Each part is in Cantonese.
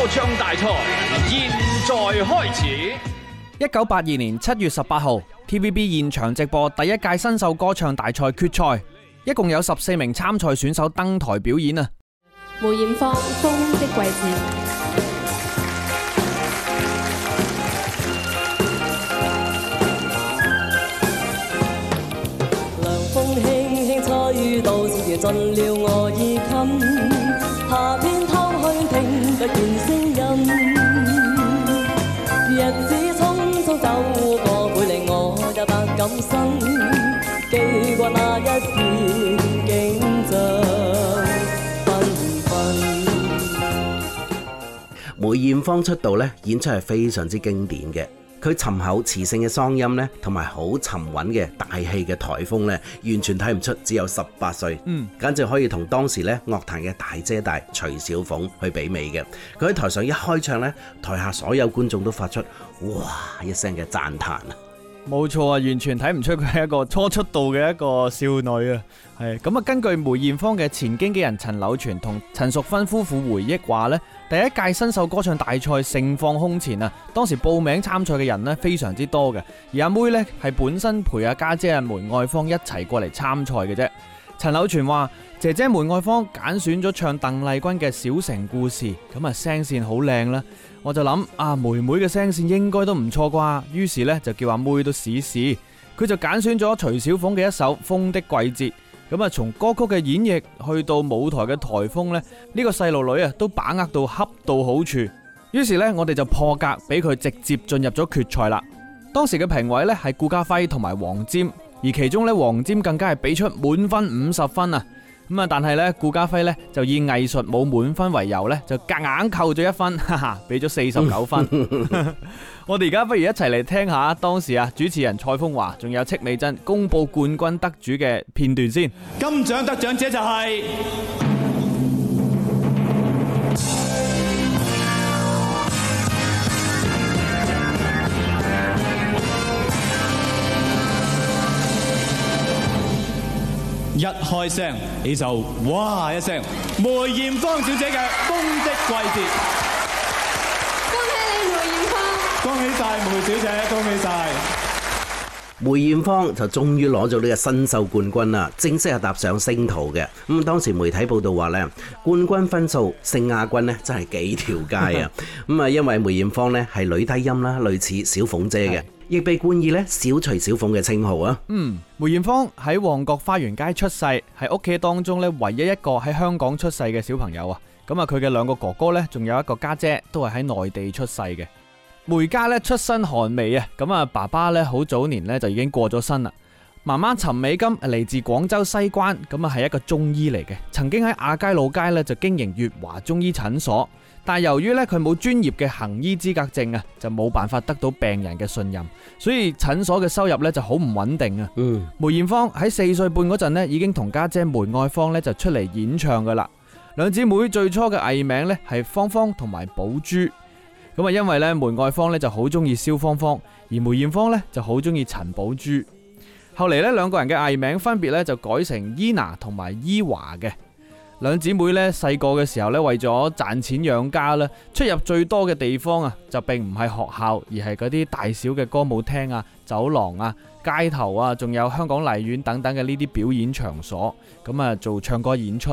歌唱大賽現在開始。一九八二年七月十八號，TVB 現場直播第一屆新秀歌唱大賽決賽，一共有十四名參賽選手登台表演啊。梅艷芳，《風的季節》。涼風輕輕吹到，漸進了我衣襟。夏天偷去聽，不見。梅艷芳出道咧，演出係非常之經典嘅。佢沉厚磁性嘅嗓音咧，同埋好沉穩嘅大氣嘅台風咧，完全睇唔出只有十八歲，嗯，簡直可以同當時咧樂壇嘅大姐大徐小鳳去媲美嘅。佢喺台上一開唱咧，台下所有觀眾都發出哇一聲嘅讚嘆啊！冇錯啊，完全睇唔出佢係一個初出道嘅一個少女啊。係咁啊，根據梅艷芳嘅前經紀人陳柳全同陳淑芬夫婦回憶話咧。第一屆新秀歌唱大賽盛放空前啊！當時報名參賽嘅人咧非常之多嘅，而阿妹呢，係本身陪阿家姐阿梅愛芳一齊過嚟參賽嘅啫。陳柳全話：姐姐梅愛芳揀選咗唱鄧麗君嘅《小城故事》，咁啊聲線好靚啦。我就諗啊，妹妹嘅聲線應該都唔錯啩。於是呢，就叫阿妹都試試，佢就揀選咗徐小鳳嘅一首《風的季節》。咁啊，從歌曲嘅演繹去到舞台嘅台風呢，呢、呢個細路女啊都把握到恰到好處。於是呢，我哋就破格俾佢直接進入咗決賽啦。當時嘅評委呢係顧嘉輝同埋黃霑，而其中呢，黃霑更加係俾出滿分五十分啊！咁啊！但係咧，顧嘉輝咧就以藝術冇滿分為由咧，就夾硬扣咗一分，哈哈，俾咗四十九分。我哋而家不如一齊嚟聽下當時啊主持人蔡楓華仲有戚美珍公布冠軍得主嘅片段先。金獎得獎者就係。一開聲你就哇一聲！梅艷芳小姐嘅《風的季節》，恭喜你梅艷芳！恭喜晒！梅小姐，恭喜曬！梅艷芳就終於攞咗呢個新秀冠軍啦，正式係踏上星途嘅。咁當時媒體報道話呢，冠軍分數勝亞軍呢，真係幾條街啊！咁啊，因為梅艷芳呢係女低音啦，類似小鳳姐嘅。亦被冠以咧小徐小鳳嘅稱號啊！嗯，梅艷芳喺旺角花園街出世，係屋企當中咧唯一一個喺香港出世嘅小朋友啊！咁啊，佢嘅兩個哥哥咧，仲有一個家姐，姐，都係喺內地出世嘅。梅家咧出身寒微啊！咁啊，爸爸咧好早年咧就已經過咗身啦。媽媽陳美金嚟自廣州西關，咁啊係一個中醫嚟嘅，曾經喺亞皆老街咧就經營粵華中醫診所。但由於咧佢冇專業嘅行醫資格證啊，就冇辦法得到病人嘅信任，所以診所嘅收入咧就好唔穩定啊、嗯。梅艷芳喺四歲半嗰陣咧，已經同家姐，姐梅愛芳咧就出嚟演唱噶啦。兩姊妹最初嘅藝名咧係芳芳同埋寶珠。咁啊，因為咧梅愛芳咧就好中意蕭芳芳，而梅艷芳咧就好中意陳寶珠。後嚟咧兩個人嘅藝名分別咧就改成伊娜同埋伊華嘅。兩姊妹咧細個嘅時候咧，為咗賺錢養家啦，出入最多嘅地方啊，就並唔係學校，而係嗰啲大小嘅歌舞廳啊、走廊啊、街頭啊，仲有香港荔園等等嘅呢啲表演場所咁啊，做唱歌演出。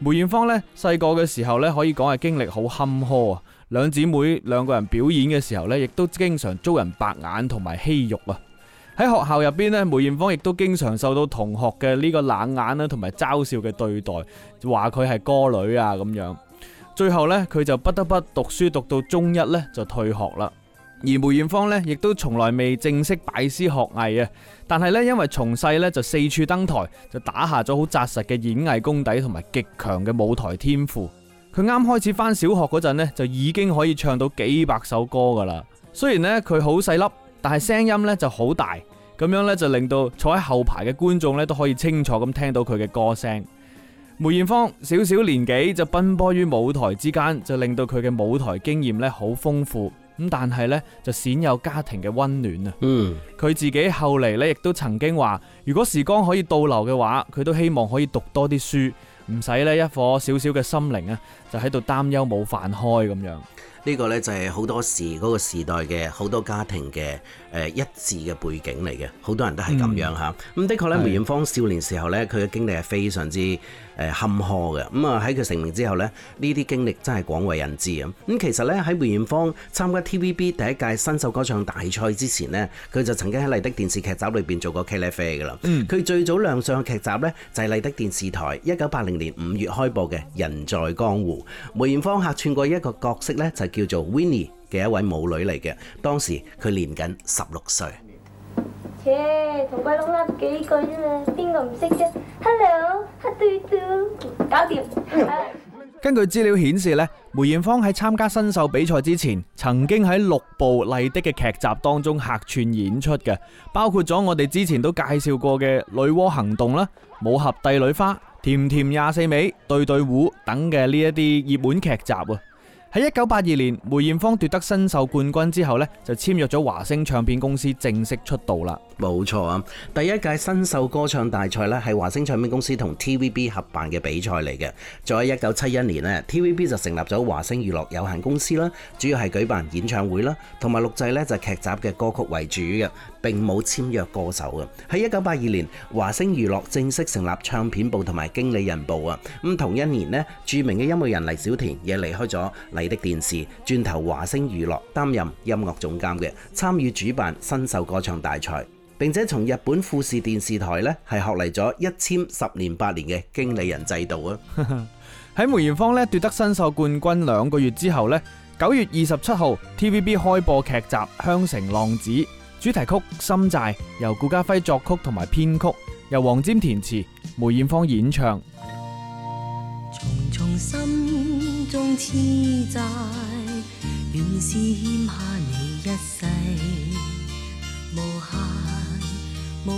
梅艷芳咧細個嘅時候咧，可以講係經歷好坎坷啊。兩姊妹兩個人表演嘅時候咧，亦都經常遭人白眼同埋欺辱啊。喺學校入邊咧，梅艷芳亦都經常受到同學嘅呢個冷眼啦，同埋嘲笑嘅對待，話佢係歌女啊咁樣。最後呢，佢就不得不讀書讀到中一呢就退學啦。而梅艷芳呢，亦都從來未正式拜師學藝啊。但係呢，因為從細呢就四處登台，就打下咗好紮實嘅演藝功底同埋極強嘅舞台天賦。佢啱開始返小學嗰陣咧，就已經可以唱到幾百首歌噶啦。雖然呢，佢好細粒。但係聲音咧就好大，咁樣咧就令到坐喺後排嘅觀眾咧都可以清楚咁聽到佢嘅歌聲。梅艷芳小小年紀就奔波於舞台之間，就令到佢嘅舞台經驗咧好豐富。咁但係咧就鮮有家庭嘅溫暖啊。嗯，佢自己後嚟咧亦都曾經話，如果時光可以倒流嘅話，佢都希望可以讀多啲書，唔使咧一顆小小嘅心靈啊，就喺度擔憂冇飯開咁樣。呢個呢，就係好多時嗰個時代嘅好多家庭嘅誒一致嘅背景嚟嘅，好多人都係咁樣嚇。咁、嗯、的確呢，梅艷芳少年時候呢，佢嘅經歷係非常之誒坎坷嘅。咁啊喺佢成名之後呢，呢啲經歷真係廣為人知啊。咁其實呢，喺梅艷芳參加 TVB 第一屆新秀歌唱大賽之前呢，佢就曾經喺麗的電視劇集裏邊做過茄哩啡㗎啦。佢、嗯、最早亮相嘅劇集呢，就係麗的電視台一九八零年五月開播嘅《人在江湖》，梅艷芳客串過一個角色呢，就，叫做 Winnie 嘅一位母女嚟嘅，當時佢年僅十六歲。同鬼佬拉幾句啫嘛，邊個唔識啫？Hello，哈對對，搞掂。根據資料顯示咧，梅艷芳喺參加新秀比賽之前，曾經喺六部麗的嘅劇集當中客串演出嘅，包括咗我哋之前都介紹過嘅《女媧行動》啦，《武俠帝女花》、《甜甜廿四味》、《對對糊》等嘅呢一啲熱門劇集啊。喺一九八二年，梅艷芳奪得新秀冠軍之後咧，就簽約咗華星唱片公司，正式出道啦。冇錯啊！第一屆新秀歌唱大賽咧，係華星唱片公司同 T.V.B. 合辦嘅比賽嚟嘅。在一九七一年呢 T.V.B. 就成立咗華星娛樂有限公司啦，主要係舉辦演唱會啦，同埋錄製呢就劇集嘅歌曲為主嘅，並冇簽約歌手嘅。喺一九八二年，華星娛樂正式成立唱片部同埋經理人部啊。咁同一年呢，著名嘅音樂人黎小田也離開咗麗的電視，轉投華星娛樂擔任音樂總監嘅，參與主辦新秀歌唱大賽。並且從日本富士電視台咧係學嚟咗一簽十年八年嘅經理人制度啊！喺梅艷芳咧奪得新秀冠軍兩個月之後咧，九月二十七號 TVB 開播劇集《香城浪子》，主題曲《心債》由顧嘉輝作曲同埋編曲，由黃霑填詞，梅艷芳演唱。重重心中痴債，便是欠下你一生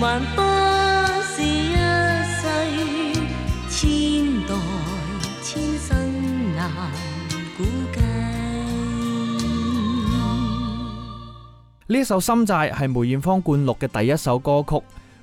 萬多時一世，千代千生難估計。呢一首《心債》係梅艷芳灌錄嘅第一首歌曲。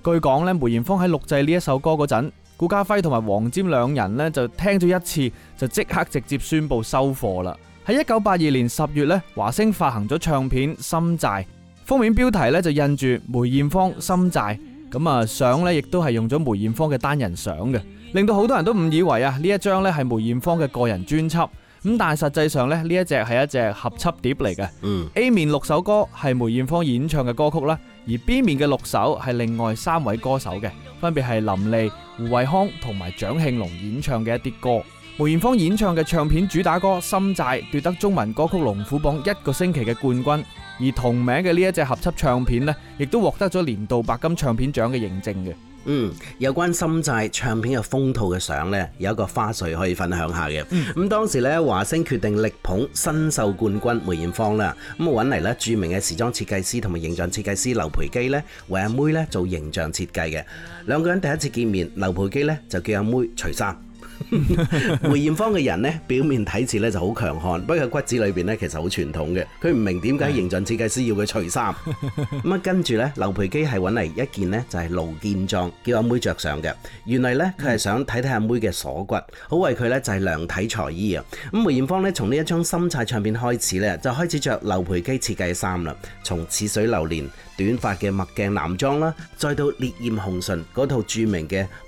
據講咧，梅艷芳喺錄製呢一首歌嗰陣，顧嘉煇同埋黃沾兩人咧就聽咗一次，就即刻直接宣布收貨啦。喺一九八二年十月咧，華星發行咗唱片《心債》。封面標題咧就印住梅艷芳心債，咁啊，相咧亦都係用咗梅艷芳嘅單人相嘅，令到好多人都誤以為啊呢一張咧係梅艷芳嘅個人專輯，咁但係實際上咧呢一隻係一隻合輯碟嚟嘅。嗯，A 面六首歌係梅艷芳演唱嘅歌曲啦，而 B 面嘅六首係另外三位歌手嘅，分別係林莉、胡慧康同埋蔣慶龍演唱嘅一啲歌。梅艷芳演唱嘅唱片主打歌《心債》奪得中文歌曲龍虎榜一個星期嘅冠軍。而同名嘅呢一隻合輯唱片呢，亦都獲得咗年度白金唱片獎嘅認證嘅。嗯，有關心債唱片嘅風套嘅相呢，有一個花絮可以分享一下嘅。咁、嗯、當時呢，華星決定力捧新秀冠軍梅艷芳啦。咁啊，揾嚟咧著名嘅時裝設計師同埋形象設計師劉培基呢，為阿妹呢做形象設計嘅。兩個人第一次見面，劉培基呢就叫阿妹除衫」。 梅艷芳嘅人咧，表面睇似咧就好強悍，不過骨子裏邊咧其實好傳統嘅。佢唔明點解形象設計師要佢除衫。咁 啊，跟住呢劉培基係揾嚟一件咧就係露肩裝，叫阿妹着上嘅。原嚟呢，佢係想睇睇阿妹嘅鎖骨，好為佢呢就係量體裁衣啊。咁梅艷芳呢，從呢一張心債唱片開始呢，就開始着劉培基設計嘅衫啦。從似水流年短髮嘅墨鏡男裝啦，再到烈焰紅唇嗰套著名嘅。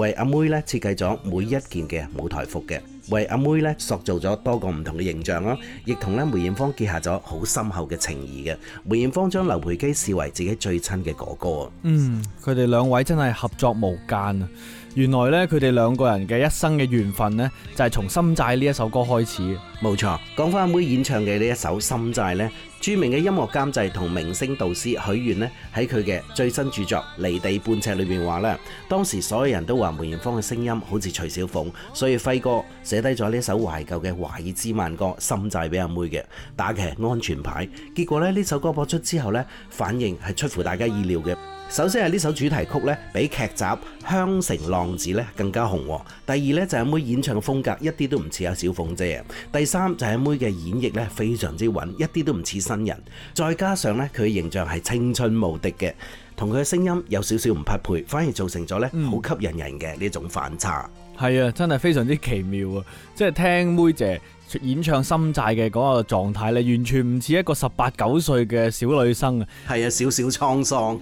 為阿妹咧設計咗每一件嘅舞台服嘅，為阿妹咧塑造咗多個唔同嘅形象咯，亦同咧梅艷芳結合咗好深厚嘅情誼嘅。梅艷芳將劉培基視為自己最親嘅哥哥。嗯，佢哋兩位真係合作無間啊！原來咧，佢哋兩個人嘅一生嘅緣分呢，就係從《心債》呢一首歌開始。冇錯，講翻阿妹演唱嘅呢一首《心債》呢。著名嘅音樂監製同明星導師許願咧喺佢嘅最新著作《離地半尺》裏面話咧，當時所有人都話梅艷芳嘅聲音好似徐小鳳，所以輝哥寫低咗呢首懷舊嘅華爾茲慢歌《心債》俾阿妹嘅，打嘅係安全牌。結果咧，呢首歌播出之後咧，反應係出乎大家意料嘅。首先係呢首主題曲咧，比劇集《香城浪子》咧更加紅。第二呢，就係阿妹演唱嘅風格一啲都唔似阿小鳳姐。第三就係阿妹嘅演繹咧，非常之穩，一啲都唔似。新人，再加上咧，佢嘅形象係青春無敵嘅，同佢嘅聲音有少少唔匹配，反而造成咗咧好吸引人嘅呢種反差。係、嗯、啊，真係非常之奇妙啊！即係聽妹姐演唱《心債》嘅嗰個狀態咧，完全唔似一個十八九歲嘅小女生啊。係啊，少少滄桑。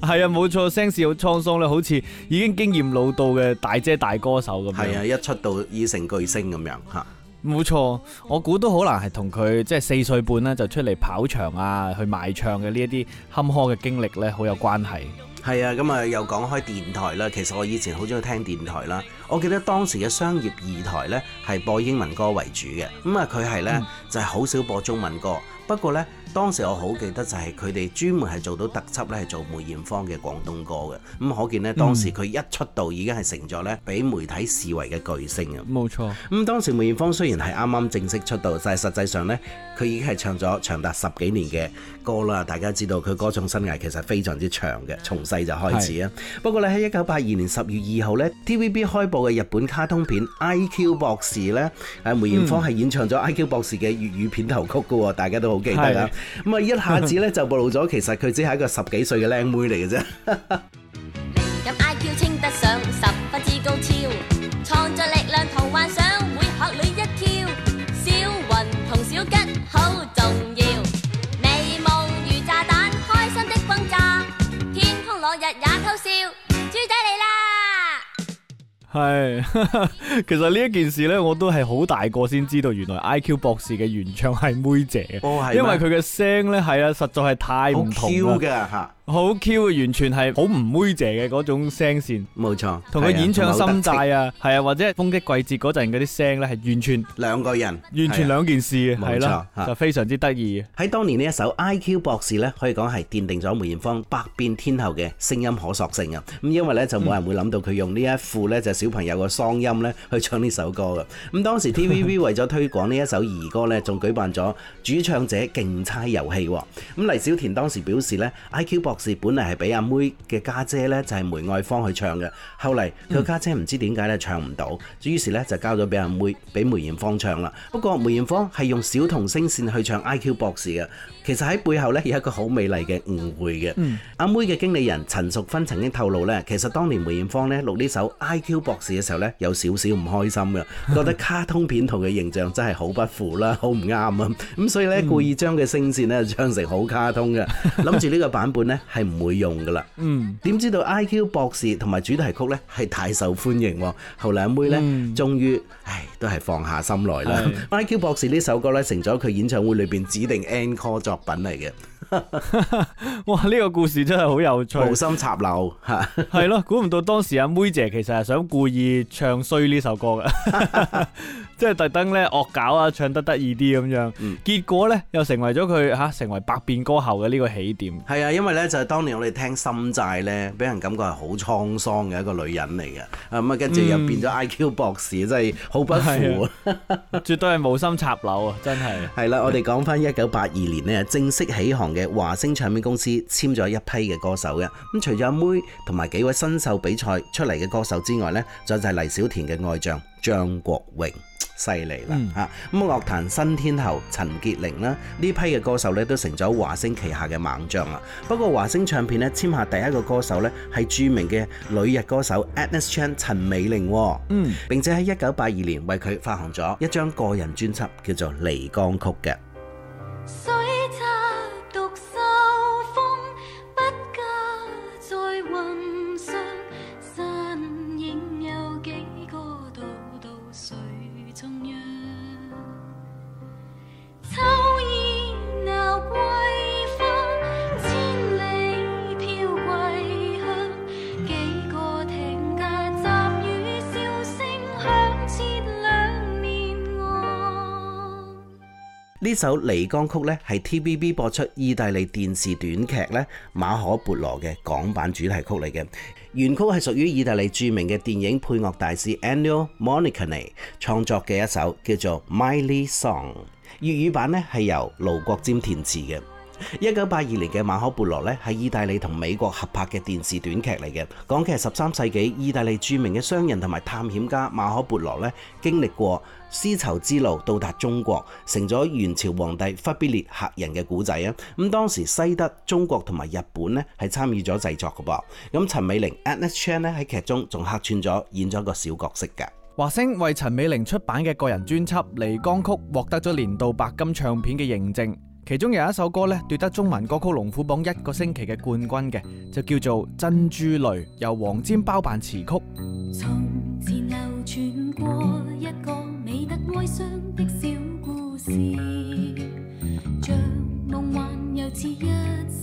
係 啊，冇錯，聲線有滄桑咧，好似已經經驗老到嘅大姐大歌手咁樣。係啊，一出道已成巨星咁樣吓。冇錯，我估都可能係同佢即係四歲半咧就出嚟跑場啊，去賣唱嘅呢一啲坎坷嘅經歷呢，好有關係。係啊，咁啊又講開電台啦，其實我以前好中意聽電台啦。我記得當時嘅商業二台呢，係播英文歌為主嘅，咁啊佢係呢，就係好少播中文歌，不過呢。當時我好記得就係佢哋專門係做到特輯咧，係做梅艷芳嘅廣東歌嘅咁，可見呢，當時佢一出道已經係成咗咧俾媒體視為嘅巨星嘅，冇錯。咁當時梅艷芳雖然係啱啱正式出道，但係實際上呢，佢已經係唱咗長達十幾年嘅歌啦，大家知道佢歌唱生涯其實非常之長嘅，從細就開始啊。不過咧，喺一九八二年十月二號呢，TVB 開播嘅日本卡通片《IQ 博士》呢，梅艷芳係演唱咗《IQ 博士》嘅粵語片頭曲嘅喎，大家都好記得啊。咁啊，一下子咧就暴露咗，其實佢只係一個十幾歲嘅靚妹嚟嘅啫。咁《IQ》稱得上。好笑，豬仔嚟啦！係，其實呢一件事呢，我都係好大個先知道，原來 IQ 博士嘅原唱係梅姐。哦是，因為佢嘅聲呢，係啊，實在係太唔同啦。好 Q 啊！完全係好唔妹姐嘅嗰種聲線，冇錯。同佢演唱心債啊，係啊，或者風的季節嗰陣嗰啲聲呢，係完全兩個人，完全兩件事啊，冇錯，就非常之得意。喺當年呢一首《IQ 博士》呢，可以講係奠定咗梅艷芳百變天后嘅聲音可塑性啊。咁因為呢，就冇人會諗到佢用呢一副呢，就小朋友嘅嗓音呢去唱呢首歌嘅。咁當時 TVB 為咗推廣呢一首兒歌呢，仲舉辦咗主唱者競猜遊戲。咁黎小田當時表示呢，IQ 博》博士本嚟係俾阿妹嘅家姐呢就係梅愛芳去唱嘅。後嚟佢家姐唔知點解呢唱唔到，於是呢就交咗俾阿妹，俾梅艷芳唱啦。不過梅艷芳係用小童聲線去唱 IQ 博士嘅。其實喺背後呢有一個好美麗嘅誤會嘅。阿、嗯、妹嘅經理人陳淑芬曾經透露呢，其實當年梅艷芳呢錄呢首《IQ 博士》嘅時候呢，有少少唔開心嘅， 覺得卡通片同佢形象真係好不符啦，好唔啱啊。咁所以呢，故意將佢聲線呢唱成好卡通嘅，諗住呢個版本呢係唔會用噶啦。嗯，點知道《IQ 博士》同埋主題曲呢係太受歡迎喎，後嚟阿妹呢終於。唉，都係放下心來啦。IQ 博士呢首歌呢，成咗佢演唱會裏邊指定 encore 作品嚟嘅。 哇，呢、呢個故事真係好有趣。無心插柳，吓係咯，估唔到當時阿妹姐其實係想故意唱衰呢首歌嘅。 即係特登咧惡搞啊，唱得得意啲咁樣，嗯，結果呢，又成為咗佢嚇成為百變歌后嘅呢個起點。係啊，因為呢，就係、係、當年我哋聽《心債》呢，俾人感覺係好滄桑嘅一個女人嚟嘅。咁、嗯、啊，跟住又變咗 I.Q. 博士，真係好不負、嗯，啊、 絕對係無心插柳真係係啊！真係係啦，我哋講返一九八二年咧正式起航嘅華星唱片公司簽咗一批嘅歌手嘅，咁，除咗阿妹同埋幾位新秀比賽出嚟嘅歌手之外呢，就係黎小田嘅愛將張國榮。犀利啦嚇！咁啊樂壇新天后陳潔靈啦，呢批嘅歌手咧都成咗華星旗下嘅猛將啊！不過華星唱片咧簽下第一個歌手咧係著名嘅女日歌手 Agnes Chan 陳美齡，嗯，並且喺一九八二年為佢發行咗一張個人專輯叫做《漓江曲》嘅。呢首《漓江曲》咧，係 T.V.B. 播出意大利電視短劇咧《馬可·波羅》嘅港版主題曲嚟嘅。原曲係屬於意大利著名嘅電影配樂大師 Ennio Morricone 創作嘅一首，叫做《Miley Song》。粵語版咧係由盧國沾填詞嘅。一九八二年嘅《馬可·波羅》咧係意大利同美國合拍嘅電視短劇嚟嘅，講嘅係十三世紀意大利著名嘅商人同埋探險家馬可·波羅咧經歷過絲綢之路到達中國，成咗元朝皇帝忽必烈客人嘅古仔啊！咁當時西德、中國同埋日本呢係參與咗製作嘅噃。咁陳美齡 Agnes Chan 呢喺劇中仲客串咗，演咗個小角色嘅。華星為陳美齡出版嘅個人專輯《漓江曲》獲得咗年度白金唱片嘅認證，其中有一首歌呢，奪得中文歌曲龍虎榜一個星期嘅冠軍嘅，就叫做《珍珠淚》，由黃霑包辦詞曲。哀傷的小故事，像夢幻又似一。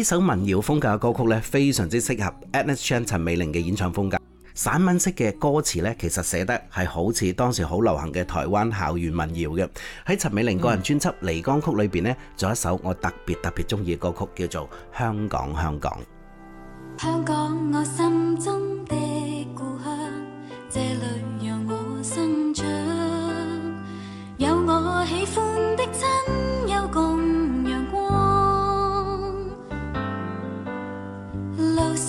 呢首民謠風格嘅歌曲呢，非常之適合 Agnes Chan 陳美齡嘅演唱風格。散文式嘅歌詞呢，其實寫得係好似當時好流行嘅台灣校園民謠嘅。喺陳美齡個人專輯《灕江曲》裏邊呢，仲有一首我特別特別中意嘅歌曲，叫做《香港香港》。香港我心中的故鄉，這裏讓我生長，有我喜歡的親友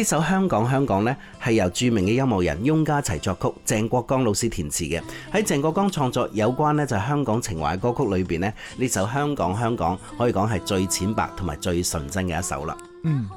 呢首《香港香港》呢，係由著名嘅音樂人翁家齊作曲，鄭國江老師填詞嘅。喺鄭國江創作有關呢，就係香港情懷歌曲裏邊呢，呢首《香港香港》可以講係最淺白同埋最純真嘅一首啦。嗯，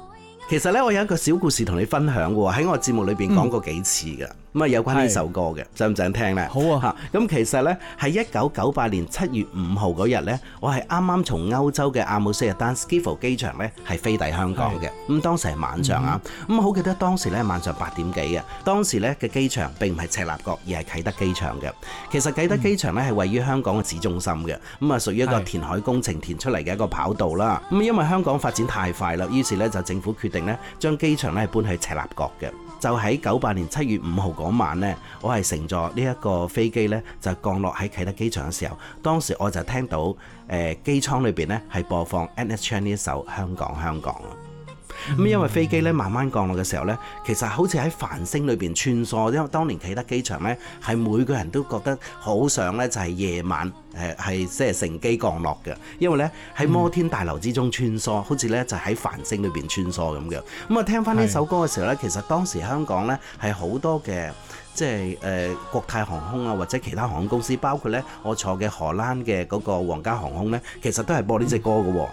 其實呢，我有一個小故事同你分享嘅，喺我節目裏邊講過幾次噶。咁啊，有關呢首歌嘅，想唔想聽呢？好啊！嚇，咁其實呢，係一九九八年七月五號嗰日呢，我係啱啱從歐洲嘅阿姆斯特丹斯基機場呢，係飛抵香港嘅。咁當時係晚上啊，咁、嗯、好記得當時呢，晚上八點幾嘅。當時呢，嘅機場並唔係赤鱲角，而係啟德機場嘅。其實啟德機場呢，係位於香港嘅市中心嘅。咁啊，屬於一個填海工程填出嚟嘅一個跑道啦。咁因為香港發展太快啦，於是呢，就政府決定呢，將機場呢，搬去赤鱲角嘅。就喺九八年七月五號嗰晚呢，我係乘坐呢一個飛機呢，就降落喺啟德機場嘅時候，當時我就聽到誒機艙裏邊呢，係播放 Agnes Chan 呢一首《香港香港》。咁、嗯、因為飛機咧慢慢降落嘅時候咧，其實好似喺繁星裏邊穿梭。因為當年啟德機場咧，係每個人都覺得好想呢就係夜晚誒係即係乘機降落嘅。因為呢，喺摩天大樓之中穿梭，嗯、好似呢就喺繁星裏邊穿梭咁嘅。咁啊聽翻呢首歌嘅時候呢，其實當時香港呢係好多嘅即係誒國泰航空啊或者其他航空公司，包括呢我坐嘅荷蘭嘅嗰個皇家航空呢，其實都係播呢隻歌噶。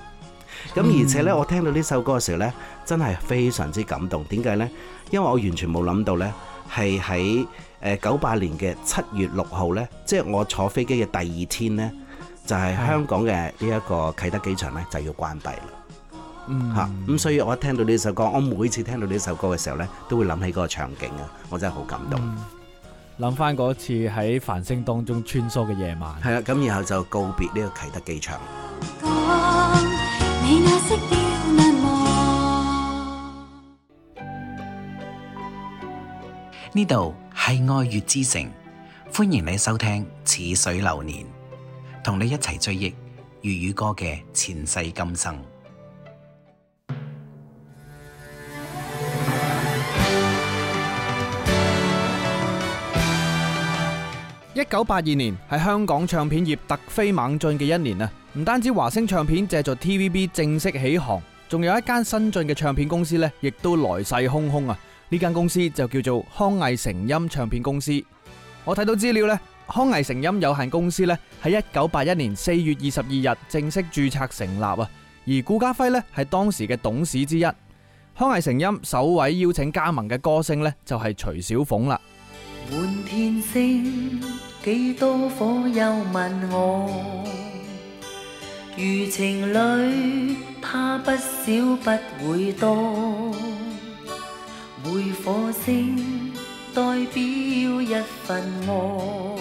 咁而且咧，我聽到呢首歌嘅時候呢，真係非常之感動。點解呢？因為我完全冇諗到呢，係喺誒九八年嘅七月六號呢，即係我坐飛機嘅第二天呢，就係、是、香港嘅呢一個啟德機場呢，就要關閉啦。嚇、嗯、咁，所以我一聽到呢首歌，我每次聽到呢首歌嘅時候呢，都會諗起嗰個場景啊，我真係好感動。諗翻嗰次喺繁星當中穿梭嘅夜晚，係啦，咁然後就告別呢個啟德機場。呢度係愛粵之城，歡迎你收聽《似水流年》，同你一齊追憶粵語歌嘅前世今生。一九八二年係香港唱片業突飛猛進嘅一年啊！唔單止華星唱片借助 TVB 正式起航，仲有一間新進嘅唱片公司呢，亦都來勢洶洶啊！呢間公司就叫做康藝成音唱片公司。我睇到資料呢，康藝成音有限公司呢，喺一九八一年四月二十二日正式註冊成立啊！而顧嘉輝呢，係當時嘅董事之一。康藝成音首位邀請加盟嘅歌星呢，就係徐小鳳啦。滿天星，幾多顆？又問我，如情侶，他不少不會多。每顆星代表一份愛，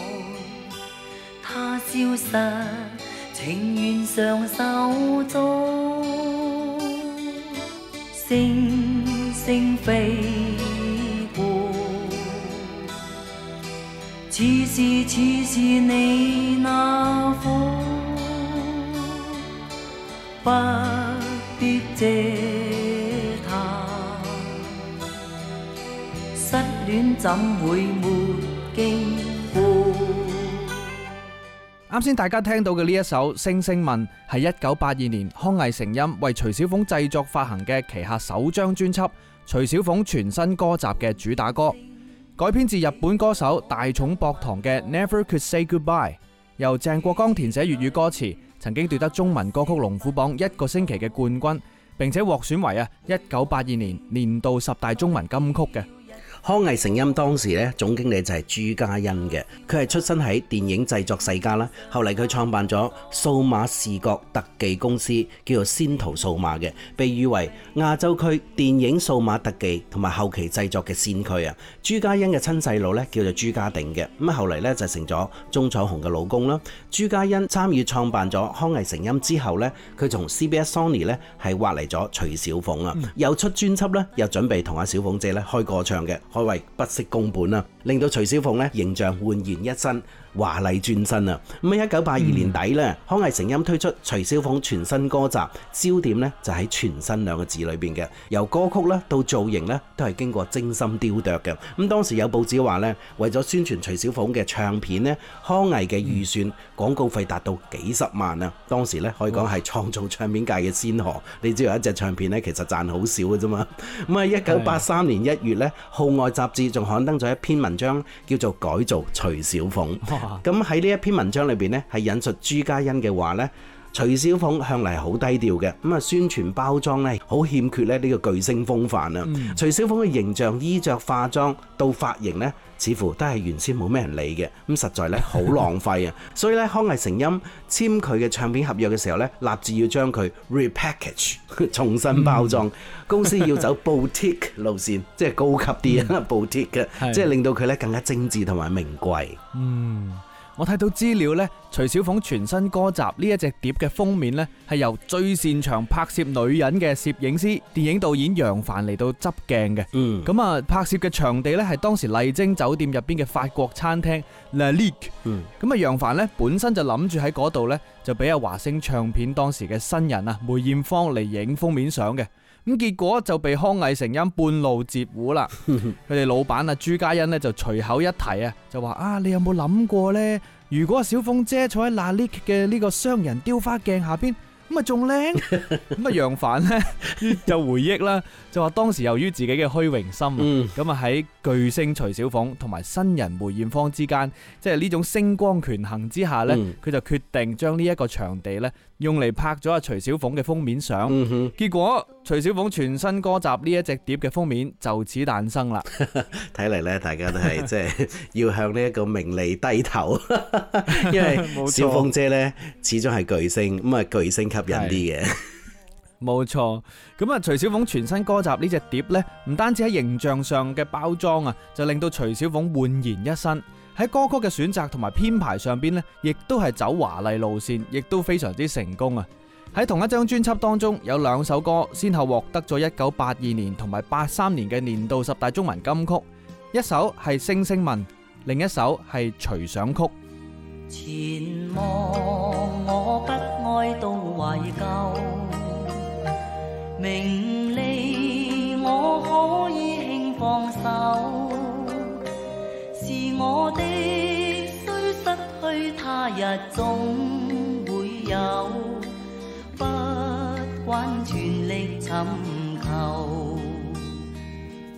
他消失，情緣常受阻。星星飛。似是似是，你那火，不必借他失戀怎會沒經過？啱先大家聽到嘅呢一首《星星問》，係一九八二年康藝成音為徐小鳳製作發行嘅旗下首張專輯《徐小鳳全新歌集》嘅主打歌。改編自日本歌手大塚博堂嘅 Never Could Say Goodbye，由鄭國江填寫粵語歌詞，曾經奪得中文歌曲龍虎榜一個星期嘅冠軍，並且獲選為啊一九八二年年度十大中文金曲嘅。康藝成音當時咧，總經理就係朱家欣嘅，佢係出身喺電影製作世家啦。後嚟佢創辦咗數碼視覺特技公司，叫做先濤數碼嘅，被譽為亞洲區電影數碼特技同埋後期製作嘅先驅啊。朱家欣嘅親細佬咧叫做朱家定嘅，咁啊後嚟咧就成咗鍾楚紅嘅老公啦。朱家欣參與創辦咗康藝成音之後咧，佢從 CBS Sony 咧係挖嚟咗徐小鳳啊，又出專輯咧，又準備同阿小鳳姐咧開個唱嘅。可謂不惜工本啊！令到徐小鳳咧形象煥然一新。華麗轉身啊！咁喺一九八二年底呢、嗯，康藝成音推出徐小鳳全新歌集，焦、嗯、點呢就喺「全新」兩個字裏邊嘅，由歌曲咧到造型呢，都係經過精心雕琢嘅。咁當時有報紙話呢，為咗宣傳徐小鳳嘅唱片呢，康藝嘅預算、嗯、廣告費達到幾十萬啊！當時呢，可以講係創造唱片界嘅先河。你知道有一隻唱片呢，其實賺好少嘅啫嘛。咁喺一九八三年一月呢，《號外》雜誌仲刊登咗一篇文章，叫做《改造徐小鳳》。咁喺呢一篇文章裏邊呢，係引述朱家欣嘅話，呢徐小鳳向嚟好低調嘅，咁啊宣傳包裝呢好欠缺咧呢個巨星風範啊。嗯。徐小鳳嘅形象、衣着、化妝到髮型呢。」似乎都係原先冇咩人理嘅，咁實在呢，好浪費啊！ 所以呢，康藝成音簽佢嘅唱片合約嘅時候呢，立志要將佢 repackage 重新包裝，嗯、公司要走 boutique 路線， 即係高級啲啊 boutique 嘅，嗯、 Boutique，即係令到佢呢更加精緻同埋名貴。嗯。我睇到資料呢，徐小鳳全新歌集呢一隻碟嘅封面呢，係由最擅長拍攝女人嘅攝影師、電影導演楊凡嚟到執鏡嘅。嗯，咁啊，拍攝嘅場地呢，係當時麗晶酒店入邊嘅法國餐廳 Lalique。咁啊，楊凡呢本身就諗住喺嗰度呢，就俾阿華星唱片當時嘅新人啊梅艷芳嚟影封面相嘅。咁結果就被康藝成音半路截胡啦。佢哋老闆啊朱家欣呢，就隨口一提說啊，就話啊，你有冇諗過呢？如果小鳳姐坐喺娜麗嘅呢個雙人雕花鏡下邊，咁啊仲靚。咁啊楊凡呢，」 就回憶啦，就話當時由於自己嘅虛榮心，咁啊喺巨星徐小鳳同埋新人梅艷芳之間，即係呢種星光權衡之下呢，佢 就決定將呢一個場地呢。用嚟拍咗阿徐小鳳嘅封面相，結果徐小鳳全新歌集呢一隻碟嘅封面就此誕生啦。睇嚟咧，大家都係即係要向呢一個名利低頭，因為小鳳姐呢始終係巨星，咁啊巨星吸引啲嘅。冇錯，咁啊徐小鳳全新歌集呢隻碟呢，唔單止喺形象上嘅包裝啊，就令到徐小鳳煥然一新。喺歌曲嘅選擇同埋編排上邊呢，亦都係走華麗路線，亦都非常之成功啊！喺同一張專輯當中，有兩首歌先後獲得咗一九八二年同埋八三年嘅年度十大中文金曲，一首係《星星問》，另一首係《隨想曲》。前望我不愛到懷舊，我的雖失去，他日總會有。不管全力尋求，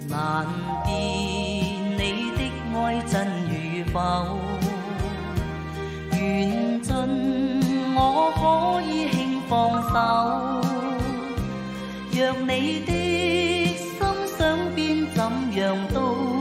難辨你的愛真與否。緣盡我可以輕放手，若你的心想變怎樣都。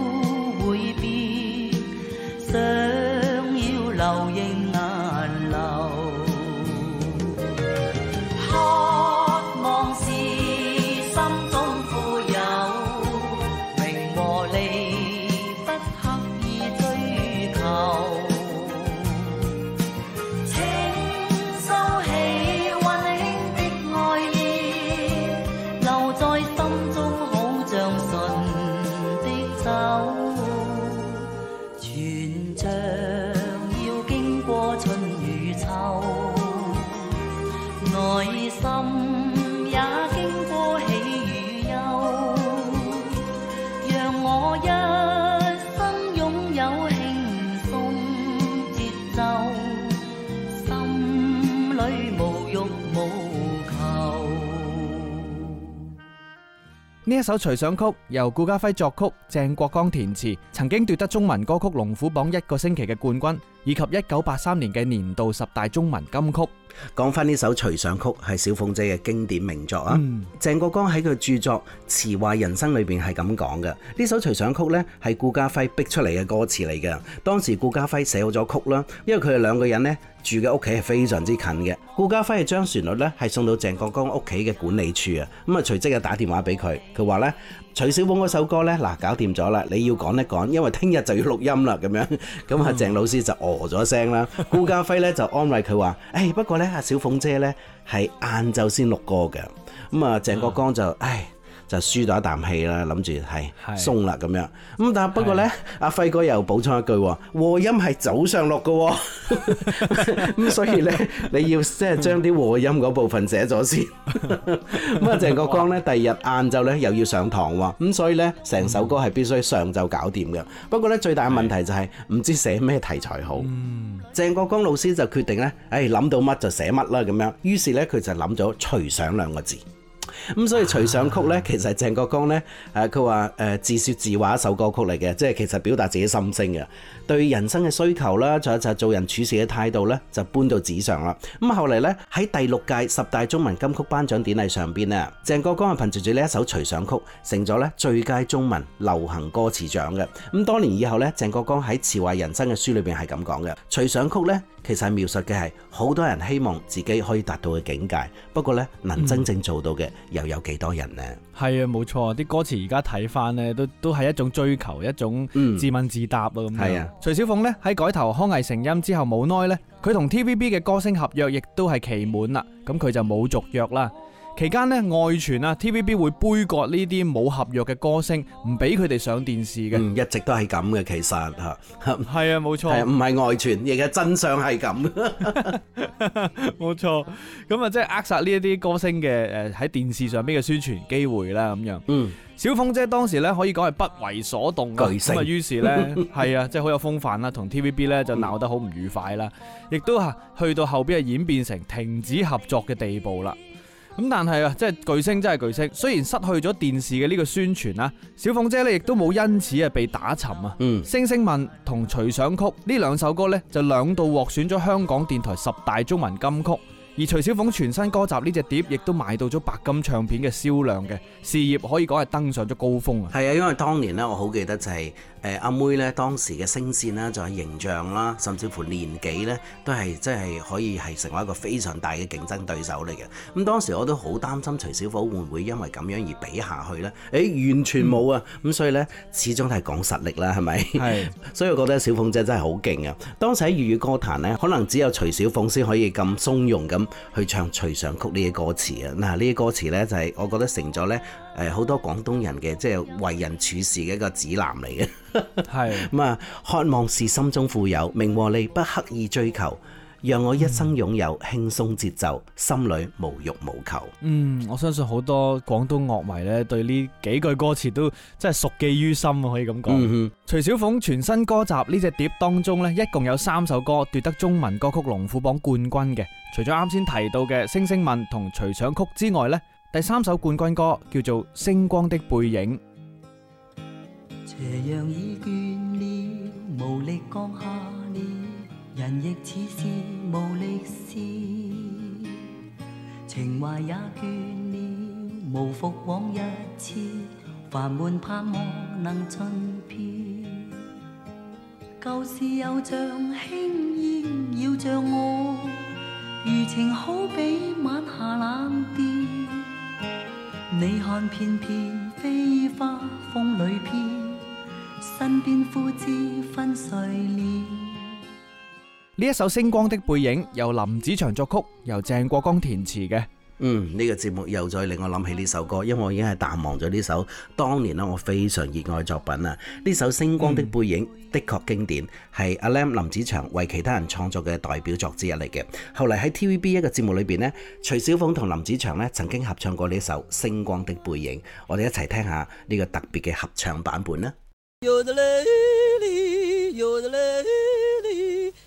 一首《隨想曲》由顧嘉輝作曲、鄭國江填詞，曾經奪得中文歌曲龍虎榜一個星期嘅冠軍，以及一九八三年嘅年度十大中文金曲。講翻呢首《隨想曲》係小鳳姐嘅經典名作啊！鄭、嗯、國江喺佢著作《詞話人生》裏邊係咁講嘅，呢首《隨想曲》呢係顧嘉輝逼出嚟嘅歌詞嚟嘅。當時顧嘉輝寫好咗曲啦，因為佢哋兩個人呢住嘅屋企係非常之近嘅。顧嘉輝係將旋律呢係送到鄭國江屋企嘅管理處啊，咁啊隨即就打電話俾佢，佢話呢。徐小鳳嗰首歌呢，嗱搞掂咗啦，你要講一講，因為聽日就要錄音啦，咁樣，咁啊鄭老師就哦、呃、咗聲啦， 顧嘉煇呢就安慰佢話：誒、 哎、不過呢，阿小鳳姐呢係晏晝先錄歌嘅，咁 啊鄭國江就，唉、哎。就輸咗一啖氣啦，諗住係鬆啦咁樣。咁但不過呢，阿輝哥又補充一句：和音係早上落嘅，咁 所以呢，你要即係將啲和音嗰部分寫咗先。咁 阿 鄭國江呢，第二日晏晝呢又要上堂喎，咁所以呢，成首歌係必須上晝搞掂嘅。嗯、不過呢，最大問題就係、是、唔知寫咩題材好。嗯、鄭國江老師就決定呢，誒、哎、諗到乜就寫乜啦咁樣。於是呢，佢就諗咗隨想兩個字。咁所以《隨想曲》咧，其實鄭國江咧，誒，佢話誒，自說自話一首歌曲嚟嘅，即係其實表達自己心聲嘅，對人生嘅需求啦，仲有就係做人處事嘅態度咧，就搬到紙上啦。咁後嚟咧，喺第六屆十大中文金曲頒獎典禮上邊咧，鄭國江啊，憑住住呢一首《隨想曲》成咗咧最佳中文流行歌詞獎嘅。咁多年以後咧，鄭國江喺《詞話人生》嘅書裏邊係咁講嘅，《隨想曲》咧，其實係描述嘅係好多人希望自己可以達到嘅境界，不過咧能真正做到嘅又有幾多人呢？」係啊，冇錯，啲歌詞而家睇翻咧，都都係一種追求，一種自問自答啊咁、嗯、樣。徐小鳳咧喺改投康藝成音之後呢，冇耐咧，佢同 T V B 嘅歌星合約亦都係期滿啦，咁佢就冇續約啦。期間咧外傳啊 T V B 會杯葛呢啲冇合約嘅歌星，唔俾佢哋上電視嘅。嗯、一直都係咁嘅，其實嚇，係 啊，冇錯，係啊，唔係外傳，而係真相係咁，冇 錯咁啊，即係扼殺呢一啲歌星嘅誒喺電視上邊嘅宣傳機會啦，咁樣。嗯，小鳳姐當時咧可以講係不為所動咁啊，於是咧係 啊，即係好有風範啦，同 T V B 咧就鬧得好唔愉快啦，亦、嗯、都啊去到後邊啊演變成停止合作嘅地步啦。咁但係啊，即係巨星真係巨星，雖然失去咗電視嘅呢個宣傳啊，小鳳姐呢亦都冇因此啊被打沉啊。嗯。星星問同隨想曲呢兩首歌呢，就兩度獲選咗香港電台十大中文金曲。而徐小鳳全新歌集呢隻碟亦都賣到咗白金唱片嘅銷量嘅，事業可以講係登上咗高峰啊！係啊，因為當年呢，我好記得就係誒阿妹呢，當時嘅聲線啦，就係形象啦，甚至乎年紀呢，都係真係可以係成為一個非常大嘅競爭對手嚟嘅。咁當時我都好擔心徐小鳳會唔會因為咁樣而比下去呢？誒、欸，完全冇啊！咁、嗯、所以呢，始終都係講實力啦，係咪？係。所以我覺得小鳳姐真係好勁啊！當時喺粵語歌壇呢，可能只有徐小鳳先可以咁松容咁。去唱《隨想曲》呢啲歌詞啊！嗱，呢啲歌詞呢，就係我覺得成咗呢誒，好多廣東人嘅即係為人處事嘅一個指南嚟嘅。係咁啊， 渴望是心中富有，名和利不刻意追求。讓我一生擁有輕鬆節奏，心裡無欲無求。嗯，我相信好多廣東樂迷咧，對呢幾句歌詞都真係熟記於心可以咁講、嗯。徐小鳳全新歌集呢隻碟當中呢，一共有三首歌奪得中文歌曲龍虎榜冠軍嘅，除咗啱先提到嘅《星星問》同《隨想曲》之外呢，第三首冠軍歌叫做《星光的背影》。斜陽已倦了，無力降下人亦似是無力事，情懷也倦了，無復往日痴。煩悶盼望能盡別，舊事又像輕煙繞着我。餘情好比晚霞冷掉，你看片片飛花風裏飄，身邊枯枝分誰了？呢一首《星光的背影》由林子祥作曲，由鄭國江填詞嘅。嗯，呢個節目又再令我諗起呢首歌，因為我已經係淡忘咗呢首當年咧，我非常熱愛作品啊！呢首《星光的背影》的確經典，係阿 Lam 林子祥為其他人創作嘅代表作之一嚟嘅。後嚟喺 TVB 一個節目裏邊呢，徐小鳳同林子祥咧曾經合唱過呢首《星光的背影》，我哋一齊聽下呢個特別嘅合唱版本啦。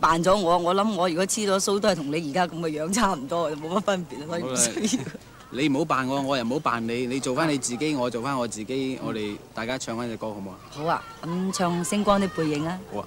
扮咗我，我諗我如果黐咗鬚都係同你而家咁嘅樣差唔多，冇乜分別啊！所以唔需要。你唔好扮我，我又唔好扮你，你做翻你自己，我做翻我自己，我哋大家唱翻隻歌好唔好啊？好啊，咁唱《星光的背影》啊！好啊。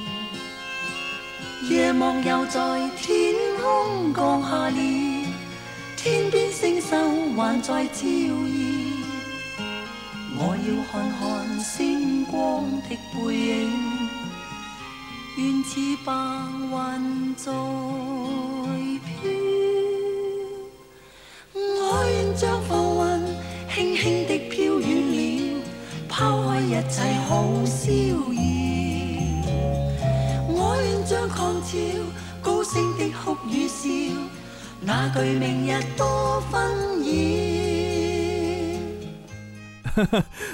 夜幕又在天空降下了，天邊星宿還在照耀。我要看看星光的背影，願似白雲在飄。我願將浮雲輕輕的飄遠了，拋開一切好逍遙。海浪狂潮，高聲的哭與笑，那句「明日多紛擾。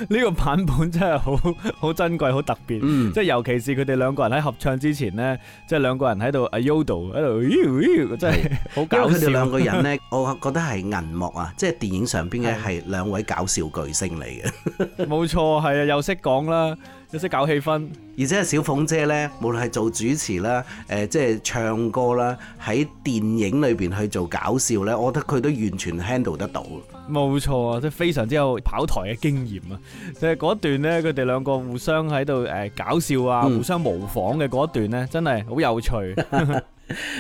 呢個版本真係好好珍貴、好特別。即、嗯、係尤其是佢哋兩個人喺合唱之前呢，即係兩個人喺度阿 Yodo 喺度，真係好搞笑。佢哋兩個人呢，我覺得係銀幕啊，即 係電影上邊嘅係兩位搞笑巨星嚟嘅。冇錯，係啊，又識講啦。就識搞氣氛，而且係小鳳姐呢，無論係做主持啦，呃、即係唱歌啦，喺電影裏面去做搞笑呢，我覺得佢都完全 handle 得到。冇錯啊，即係非常之有跑台嘅經驗啊！即係嗰段呢，佢哋兩個互相喺度、呃、搞笑啊，互相模仿嘅嗰段呢、嗯，真係好有趣。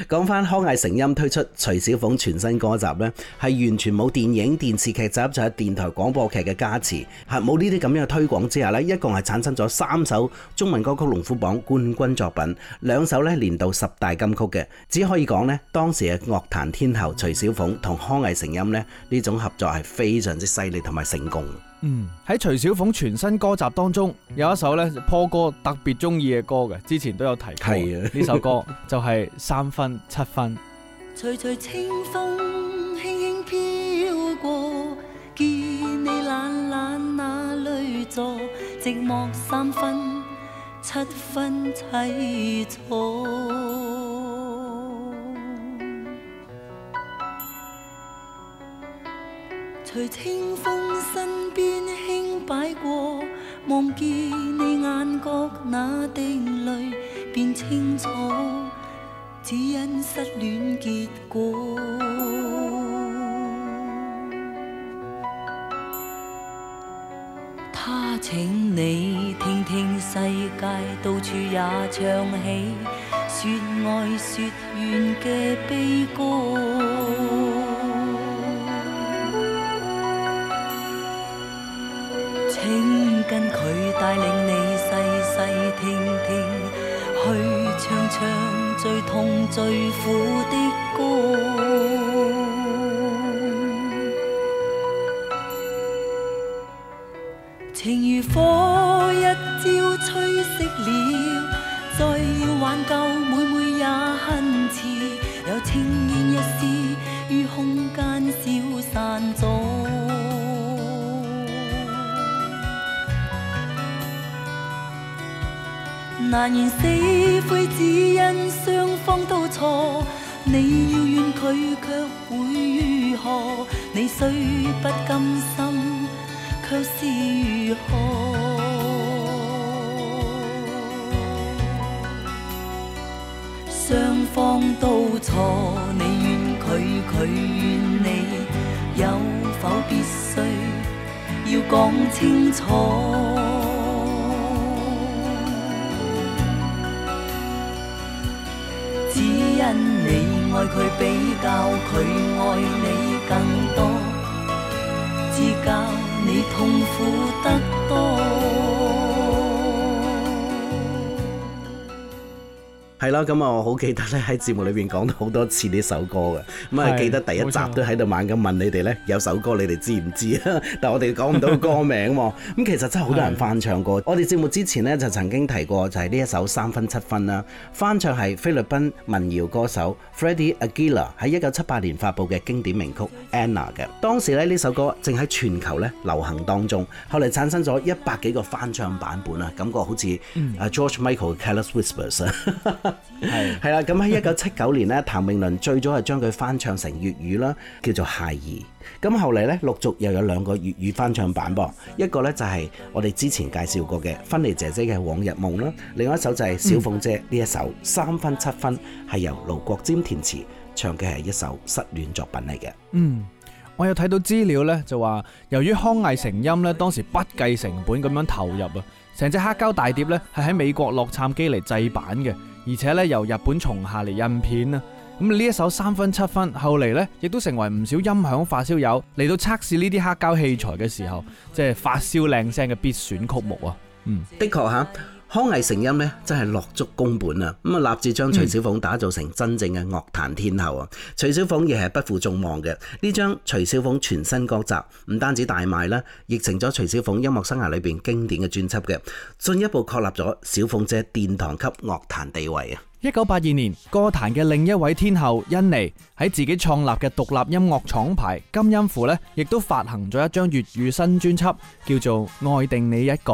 講翻康藝成音推出徐小鳳全新歌集呢，係完全冇電影、電視劇集仲有電台廣播劇嘅加持，係冇呢啲咁樣嘅推廣之下呢，一共係產生咗三首中文歌曲龍虎榜冠軍作品，兩首呢年度十大金曲嘅，只可以講呢當時嘅樂壇天后徐小鳳同康藝成音呢，呢種合作係非常之犀利同埋成功。嗯，喺徐小鳳全新歌集當中有一首呢 Paul 哥特別中意嘅歌嘅，之前都有提及呢首歌，就係三分七分。隨清風身邊輕擺過，望見你眼角那滴淚，便清楚，只因失戀結果。他請你聽聽世界到處也唱起，說愛說怨嘅悲歌。跟佢帶領你細細聽聽，去唱唱最痛最苦的歌。情如火，一朝吹。但願死灰只因雙方都錯，你要怨佢卻會如何？你雖不甘心，卻是如何？雙方都錯，你怨佢，佢怨你，有否必須要講清楚？愛佢比較佢愛你更多，至教你痛苦得多。係啦，咁啊，我好記得咧喺節目裏面講到好多次呢首歌嘅，咁啊記得第一集都喺度猛咁問你哋呢，有首歌你哋知唔知啊？ 但我哋講唔到歌名喎。咁 其實真係好多人翻唱過。我哋節目之前呢，就曾經提過，就係呢一首三分七分啦，翻唱係菲律賓民謠歌手 Freddie Aguilar 喺一九七八年發布嘅經典名曲 Anna 嘅。當時咧呢首歌正喺全球咧流行當中，後嚟產生咗一百幾個翻唱版本啊，感覺好似 George Michael 嘅 Careless Whisper 係係啦，咁喺一九七九年呢，譚詠麟最早係將佢翻唱成粵語啦，叫做《孩兒》。咁後嚟呢，陸續又有兩個粵語翻唱版噃，一個呢就係我哋之前介紹過嘅《芬妮姐姐》嘅《往日夢》啦，另外一首就係《小鳳姐》呢、嗯、一首三分七分係由盧國沾填詞唱嘅係一首失戀作品嚟嘅。嗯，我有睇到資料呢，就話由於康藝成音呢，當時不計成本咁樣投入啊，成隻黑膠大碟呢，係喺美國洛杉磯嚟製版嘅。而且咧由日本重下嚟印片啊，咁呢一首三分七分，後嚟呢亦都成為唔少音響發燒友嚟到測試呢啲黑膠器材嘅時候，即係發燒靚聲嘅必選曲目啊，嗯，的確吓。康藝成音咧，真係落足功本啊！咁啊，立志將徐小鳳打造成真正嘅樂壇天后啊，嗯！徐小鳳亦係不負眾望嘅。呢張徐小鳳全新歌集唔單止大賣啦，亦成咗徐小鳳音樂生涯裏邊經典嘅專輯嘅，進一步確立咗小鳳姐殿堂級樂壇地位啊！一九八二年，歌壇嘅另一位天后甄妮喺自己創立嘅獨立音樂廠牌金音符咧，亦都發行咗一張粵語新專輯，叫做《愛定你一個》。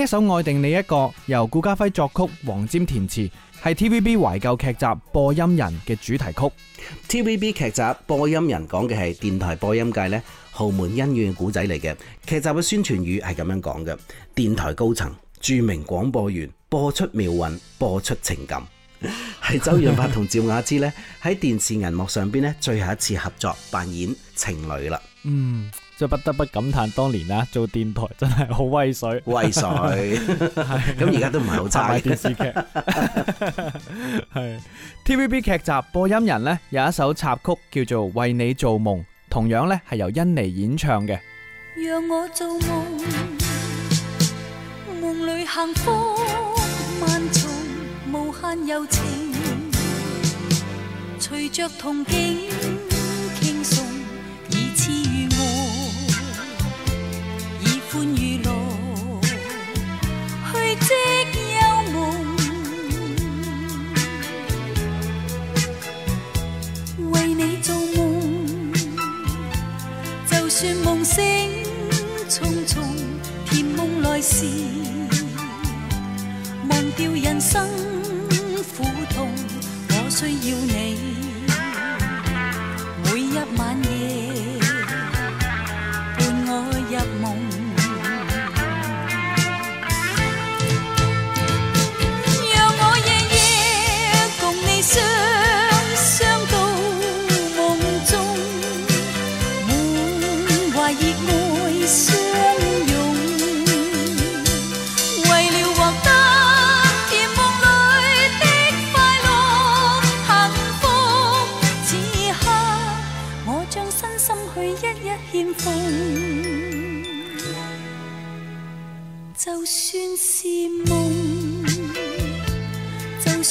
一首《愛定你一個》，由顧嘉輝作曲、黃沾填詞，係 TVB 懷舊劇集《播音人》嘅主題曲。TVB 劇集《播音人》講嘅係電台播音界呢，豪門恩怨嘅古仔嚟嘅。劇集嘅宣傳語係咁樣講嘅：電台高層、著名廣播員，播出妙韻，播出情感。係周潤發同趙雅芝呢，喺電視銀幕上邊呢，最後一次合作，扮演情侶啦。嗯。就不得不感嘆當年啦，做電台真係好威水。威水，咁而家都唔係好差嘅。電視劇係 TVB 劇集播音人咧，有一首插曲叫做《為你做夢》，同樣咧係由甄妮演唱嘅。讓我做夢，夢裏幸福萬重，無限柔情，隨着憧憬。的幽夢，為你做夢，就算夢醒匆匆，甜夢來時忘掉人生苦痛，我需要你每一晚。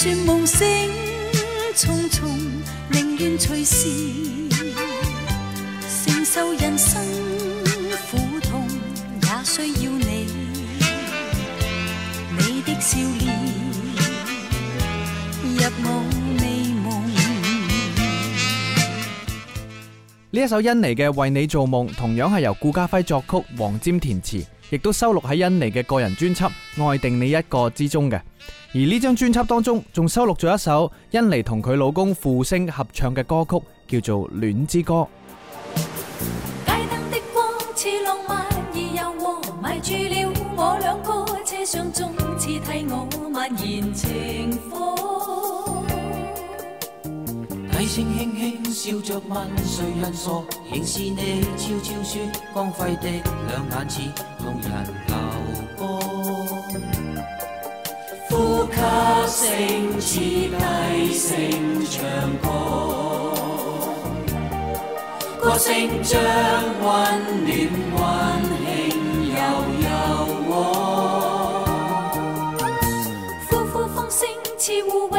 說夢醒重重，寧願隨時承受人生苦痛，也需要你。你的笑臉入我美夢。呢一首甄妮嘅《為你做夢》，同樣係由顧嘉輝作曲，黃沾填詞。亦都收錄喺甄妮嘅個人專輯《愛定你一個》之中嘅，而呢張專輯當中仲收錄咗一首甄妮同佢老公傅聲合唱嘅歌曲，叫做《戀之歌》。笑着問誰人傻，仍是你悄悄說。光輝的兩眼似動人流波，呼吸聲似大聲唱歌，歌聲將溫暖溫馨悠悠。窩，呼呼風聲似護衛。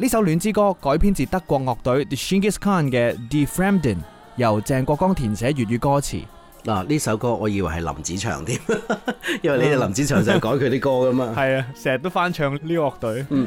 呢首《戀之歌》改編自德國樂隊 Dschinghis Khan 的《Die Fremden》，由鄭國江填寫粵語歌詞。嗱、啊，呢首歌我以為係林子祥添，因為你哋林子祥成日改佢啲歌噶嘛。係 啊，成日都翻唱呢樂隊。嗯，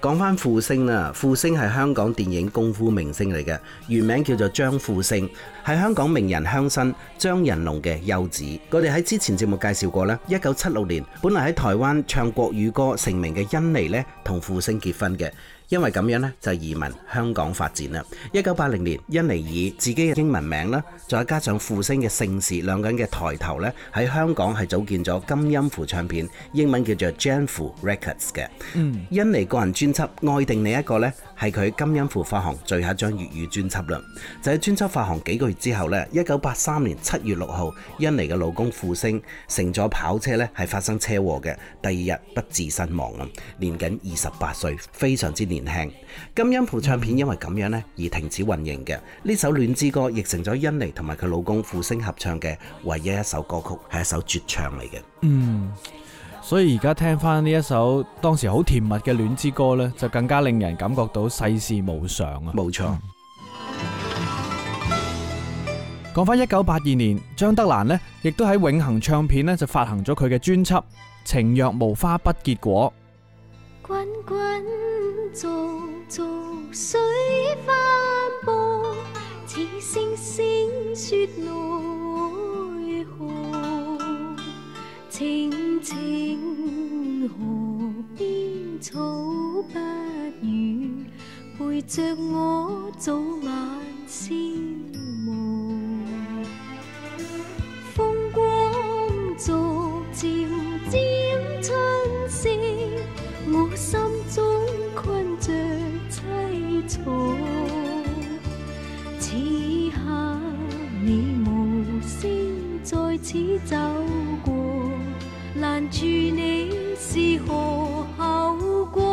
講翻傅聲啊，傅聲係香港電影功夫明星嚟嘅，原名叫做張富聲，係香港名人鄉紳張人龍嘅幼子。我哋喺之前節目介紹過呢，一九七六年本嚟喺台灣唱國語歌成名嘅甄妮呢，同傅聲結婚嘅。因為咁樣呢，就移民香港發展啦。一九八零年，甄妮以自己嘅英文名咧，再加上傅聲嘅姓氏，兩個人嘅台頭呢，喺香港係組建咗金音符唱片，英文叫做 Jenfu Records 嘅。甄妮個人專輯《愛定你一個》呢，係佢金音符發行最後一張粵語專輯啦。就喺專輯發行幾個月之後呢，一九八三年七月六號，甄妮嘅老公傅聲乘咗跑車呢，係發生車禍嘅，第二日不治身亡，年僅二十八歲，非常之年年輕，金音符唱片因為咁樣咧而停止運營嘅。呢首《戀之歌》亦成咗甄妮同埋佢老公傅聲合唱嘅唯一一首歌曲，係一首絕唱嚟嘅。嗯，所以而家聽翻呢一首當時好甜蜜嘅《戀之歌》咧，就更加令人感覺到世事無常啊！冇錯。講翻一九八二年，張德蘭咧亦都喺永恆唱片咧就發行咗佢嘅專輯《情若無花不結果》。滾滾。逐逐水翻波，似星星說愛河。青青河邊草，不語，陪着我早晚消磨。風光逐漸占春色。我心中困着淒楚，此刻你無聲在此走過，攔住你是何後果？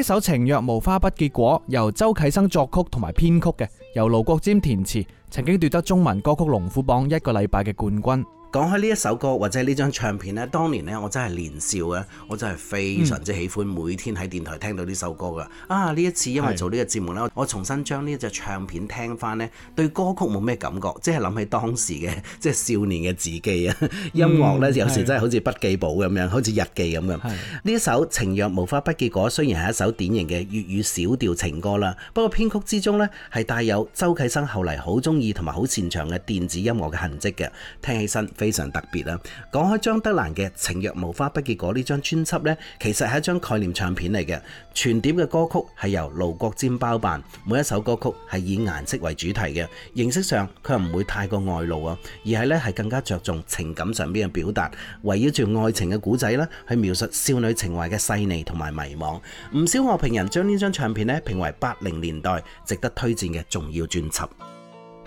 呢首《情若無花不結果》由周啟生作曲同埋編曲嘅，由盧國沾填詞，曾經奪得中文歌曲龍虎榜一個禮拜嘅冠軍。講開呢一首歌或者呢張唱片呢，當年呢，我真係年少呀，我真係非常之喜歡，每天喺電台聽到呢首歌噶、嗯。啊，呢一次因為做呢個節目呢，我重新將呢隻唱片聽翻，呢對歌曲冇咩感覺，即係諗起當時嘅即係少年嘅自己啊、嗯。音樂呢，有時真係好似筆記簿咁樣，好似日記咁樣。呢首《情若無花不結果》雖然係一首典型嘅粵語小調情歌啦，不過編曲之中呢，係帶有周啟生後嚟好中意同埋好擅長嘅電子音樂嘅痕跡嘅，聽起身。非常特別啦！講開張德蘭嘅《情若無花不結果》，呢張專輯呢，其實係一張概念唱片嚟嘅，全碟嘅歌曲係由盧國沾包辦，每一首歌曲係以顏色為主題嘅。形式上佢唔會太過外露啊，而係呢係更加着重情感上邊嘅表達，圍繞住愛情嘅古仔呢，去描述少女情懷嘅細膩同埋迷惘。唔少樂評人將呢張唱片呢評為八零年代值得推薦嘅重要專輯。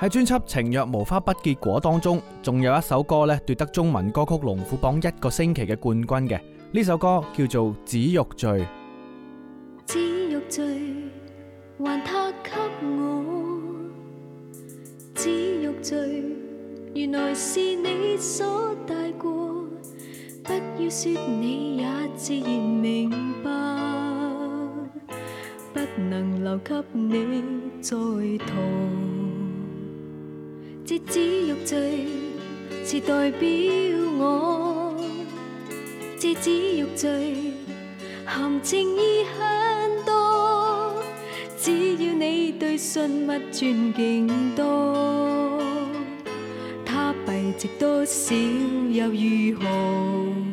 喺專輯《情若無花不結果》當中，仲有一首歌呢，奪得中文歌曲龍虎榜一個星期嘅冠軍嘅，呢首歌叫做《紫玉墜》。紫玉墜是代表我，紫玉墜含情意很多，只要你對信物尊敬多，它幣值多少又如何？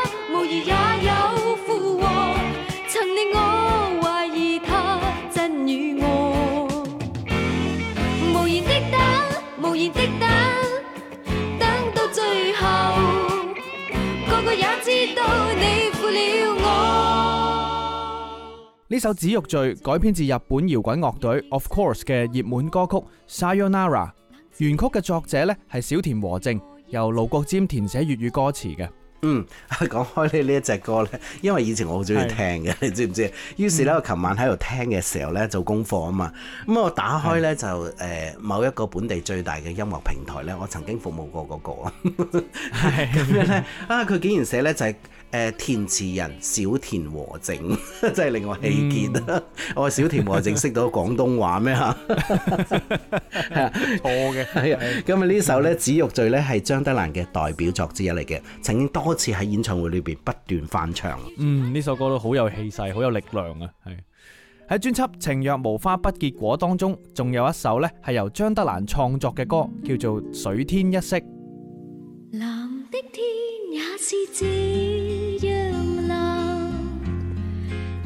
呢首《紫玉墜》改編自日本搖滾樂隊 Of Course 嘅熱門歌曲《Sayonara》原曲嘅作者呢係小田和正，由盧國沾填寫粵語歌詞嘅。嗯，講開呢呢一隻歌呢，因為以前我好中意聽嘅，你知唔知啊？於是呢，我琴晚喺度聽嘅時候呢，做功課啊嘛。咁我打開呢，就誒某一個本地最大嘅音樂平台呢，我曾經服務過嗰、那個啊。咁 樣呢，啊，佢竟然寫呢就係、是。誒、呃、填詞人小田和正真係令我氣結啦！我小田和正識到廣東話咩嚇？嗯、 錯嘅的，係 啊！咁啊呢首咧《紫玉墜》咧係張德蘭嘅代表作之一嚟嘅，曾經多次喺演唱會裏邊不斷翻唱。嗯，呢首歌都好有氣勢，好有力量啊！係喺專輯《情若無花不結果》當中，仲有一首咧係由張德蘭創作嘅歌，叫做《水天一色》。藍的天也是知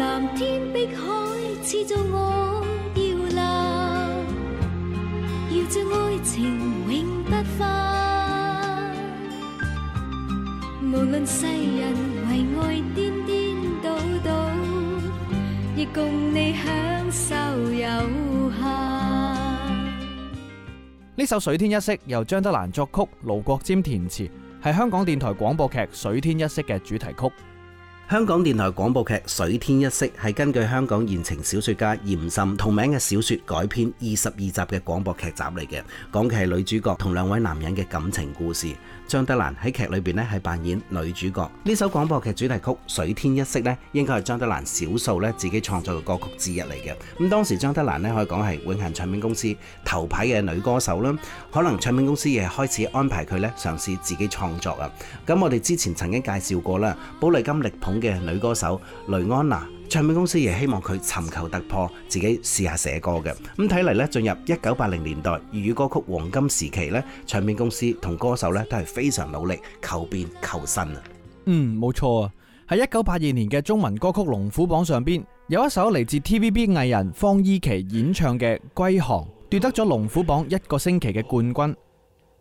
藍天碧海，似助我搖籃，搖着愛情永不化。無論世人為愛顛顛倒倒，亦共你享受有限。呢首《水天一色》由張德蘭作曲，盧國沾填詞，係香港電台廣播劇《水天一色》嘅主題曲。香港電台廣播劇《水天一色》係根據香港言情小說家嚴沁同名嘅小說改編，二十二集嘅廣播劇集嚟嘅，講嘅係女主角同兩位男人嘅感情故事。張德蘭喺劇裏邊咧係扮演女主角。呢首廣播劇主題曲《水天一色》咧，應該係張德蘭少數自己創作嘅歌曲之一嚟嘅。咁當時張德蘭咧可以講係永恆唱片公司頭牌嘅女歌手啦，可能唱片公司亦開始安排佢咧嘗試自己創作啊。咁我哋之前曾經介紹過啦，寶麗金力捧。嘅女歌手雷安娜，唱片公司亦希望佢尋求突破，自己試下寫歌嘅。咁睇嚟咧，進入一九八零年代粵語歌曲黃金時期咧，唱片公司同歌手咧都係非常努力求變求新啊。嗯，冇錯啊。喺一九八二年嘅中文歌曲龍虎榜上邊，有一首嚟自 TVB 藝人方伊琪演唱嘅《歸航》，奪得咗龍虎榜一個星期嘅冠軍。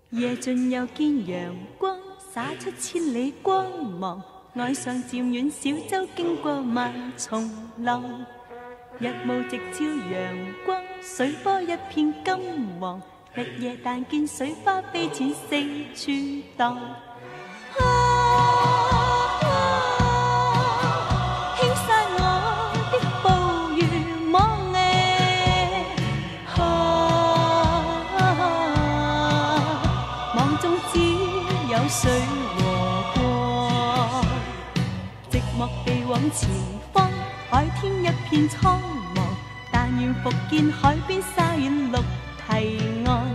夜盡又見陽光，灑出千里光芒。岸上漸遠，小舟經過萬重浪。日暮直照陽光，水波一片金黃。日夜但見水花飛濺四處蕩。啊遍蒼茫，但願復見海邊沙軟綠堤岸。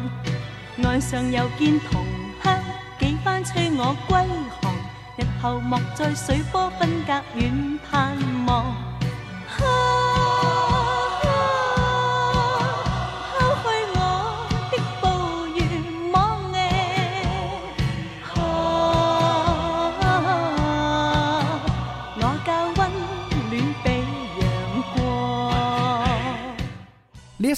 岸上又見同鄉，幾番催我歸航。日後莫再水波分隔遠盼望。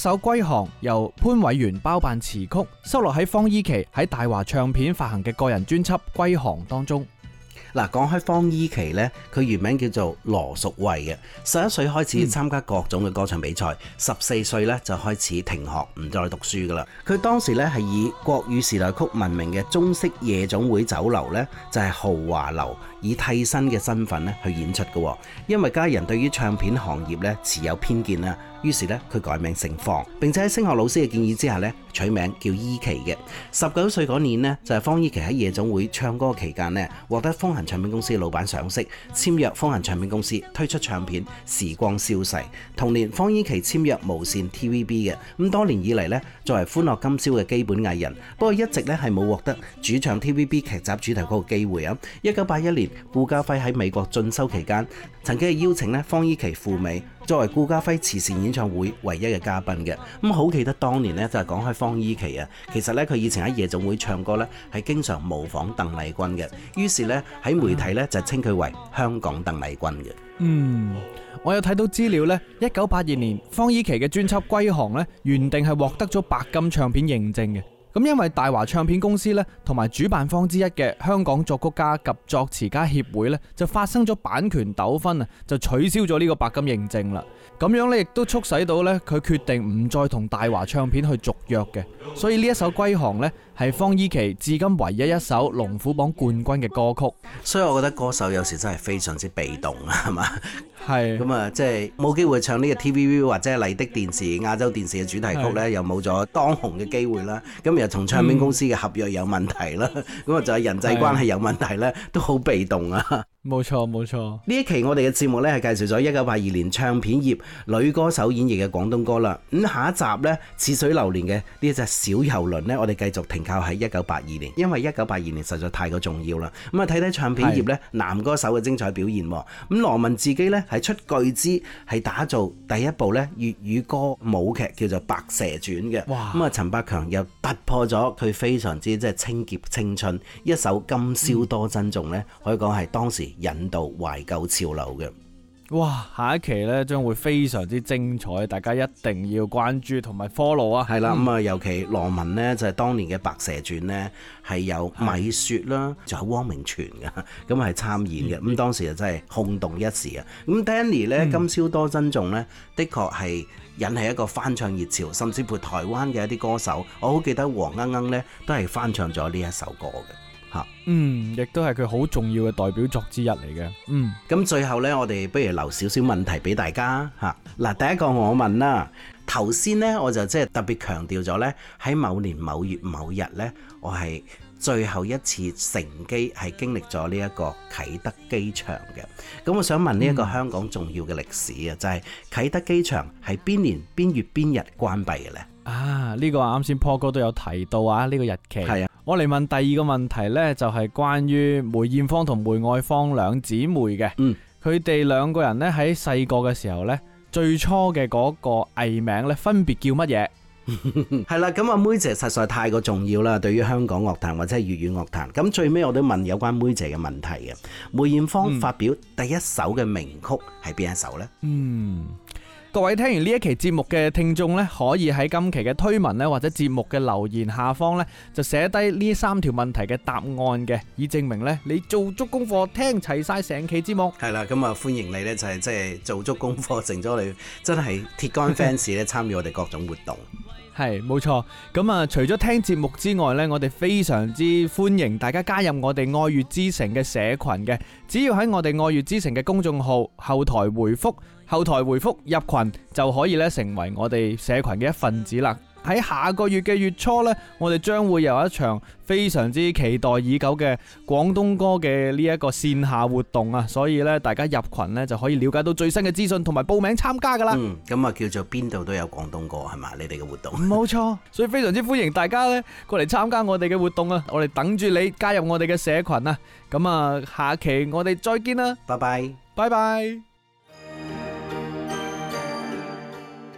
首《歸航》由潘偉源包辦詞曲，收錄喺方伊琪喺大華唱片發行嘅個人專輯《歸航》當中。嗱，講開方伊琪呢，佢原名叫做羅淑慧嘅，十一歲開始參加各種嘅歌唱比賽，十四歲呢就開始停學唔再讀書㗎啦。佢當時呢係以國語時代曲聞名嘅中式夜總會酒樓呢就係、是、豪華樓，以替身嘅身份咧去演出嘅，因為家人對於唱片行業呢持有偏見啦。於是咧，佢改名成方，並且喺星學老師嘅建議之下咧，取名叫伊琪嘅。十九歲嗰年就係方伊琪喺夜總會唱歌期間咧，獲得風行唱片公司老闆賞識，簽約風行唱片公司推出唱片《時光消逝》。同年，方伊琪簽約無線 T V B 嘅咁多年以嚟咧，作為歡樂今宵嘅基本藝人，不過一直咧係冇獲得主唱 T V B 劇集主題歌嘅機會啊。一九八一年，顧嘉輝喺美國進修期間，曾經邀請方伊琪赴美。作為顧嘉輝慈善演唱會唯一嘅嘉賓嘅，咁好記得當年呢，就係講開方伊琪啊，其實呢，佢以前喺夜總會唱歌呢，係經常模仿鄧麗君嘅，於是呢，喺媒體呢，就稱佢為香港鄧麗君嘅。嗯，我有睇到資料呢，一九八二年方伊琪嘅專輯《歸航》呢，原定係獲得咗白金唱片認證嘅。咁因為大華唱片公司呢，同埋主辦方之一嘅香港作曲家及作詞家協會呢，就發生咗版權糾紛啊，就取消咗呢個白金認證啦。咁樣呢，亦都促使到呢，佢決定唔再同大華唱片去續約嘅。所以呢一首《歸航》呢，係方伊琪至今唯一一首龍虎榜冠軍嘅歌曲。所以我覺得歌手有時真係非常之被動啊，係嘛？係咁啊，即係冇機會唱呢個 TVB 或者麗的電視、亞洲電視嘅主題曲呢，又冇咗當紅嘅機會啦。咁又同唱片公司嘅合約有問題啦，咁啊就係人際關係有問題呢，都好被動啊。冇錯冇錯，呢一期我哋嘅節目呢，係介紹咗一九八二年唱片業女歌手演繹嘅廣東歌啦。咁下一集呢，似水流年嘅呢隻小遊輪呢，我哋繼續停靠喺一九八二年，因為一九八二年實在太過重要啦。咁啊睇睇唱片業呢，男歌手嘅精彩表現。咁羅文自己呢，係出巨資係打造第一部呢粵語歌舞劇叫做《白蛇傳》嘅。哇。咁啊陳百強又突破咗佢非常之即係清潔青春一首今宵多珍重呢，可以講係當時，引導懷舊潮流嘅，哇！下一期呢將會非常之精彩，大家一定要關注同埋 follow 啊！係啦，咁、嗯、啊，尤其羅文呢，就係、是、當年嘅《白蛇傳》呢，係有米雪啦，仲有汪明荃嘅，咁係參演嘅，咁、嗯、當時就真係轟動一時啊！咁 Danny 呢、嗯，今宵多珍重呢，的確係引起一個翻唱熱潮，甚至乎台灣嘅一啲歌手，我好記得黃鶯鶯呢，都係翻唱咗呢一首歌嘅。嗯，亦都係佢好重要嘅代表作之一嚟嘅。嗯，咁最後呢，我哋不如留少少問題俾大家吓。嗱，第一個我問啦，頭先呢，我就即係特別強調咗呢：喺某年某月某日呢，我係最後一次乘機係經歷咗呢一個啟德機場嘅。咁我想問呢一個香港重要嘅歷史啊，就係啟德機場係邊年邊月邊日關閉嘅呢？啊，呢個啱先 Paul 哥都有提到啊，呢個日期。係啊，我嚟問第二個問題呢，就係關於梅艷芳同梅愛芳兩姊妹嘅。嗯，佢哋兩個人呢喺細個嘅時候呢，最初嘅嗰個藝名呢，分別叫乜嘢？係啦，咁阿妹姐實在太過重要啦，對於香港樂壇或者係粵語樂壇。咁最尾我都問有關妹姐嘅問題嘅。梅艷芳發表第一首嘅名曲係邊一首呢？嗯。各位聽完呢一期節目嘅聽眾呢，可以喺今期嘅推文呢，或者節目嘅留言下方呢，就寫低呢三條問題嘅答案嘅，以證明呢你做足功課，聽齊晒成期節目。係啦，咁啊歡迎你呢，就係即係做足功課，成咗你真係鐵杆 fans 咧參與我哋各種活動。係，冇錯。咁啊，除咗聽節目之外呢，我哋非常之歡迎大家加入我哋愛粵之城嘅社群嘅，只要喺我哋愛粵之城嘅公眾號後台回復。後台回覆入群就可以咧，成為我哋社群嘅一份子啦。喺下個月嘅月初呢，我哋將會有一場非常之期待已久嘅廣東歌嘅呢一個線下活動啊，所以呢，大家入群呢就可以了解到最新嘅資訊同埋報名參加噶啦。嗯，咁啊叫做邊度都有廣東歌係嘛？你哋嘅活動。冇錯，所以非常之歡迎大家呢過嚟參加我哋嘅活動啊！我哋等住你加入我哋嘅社群啊！咁啊，下期我哋再見啦，拜拜，拜拜。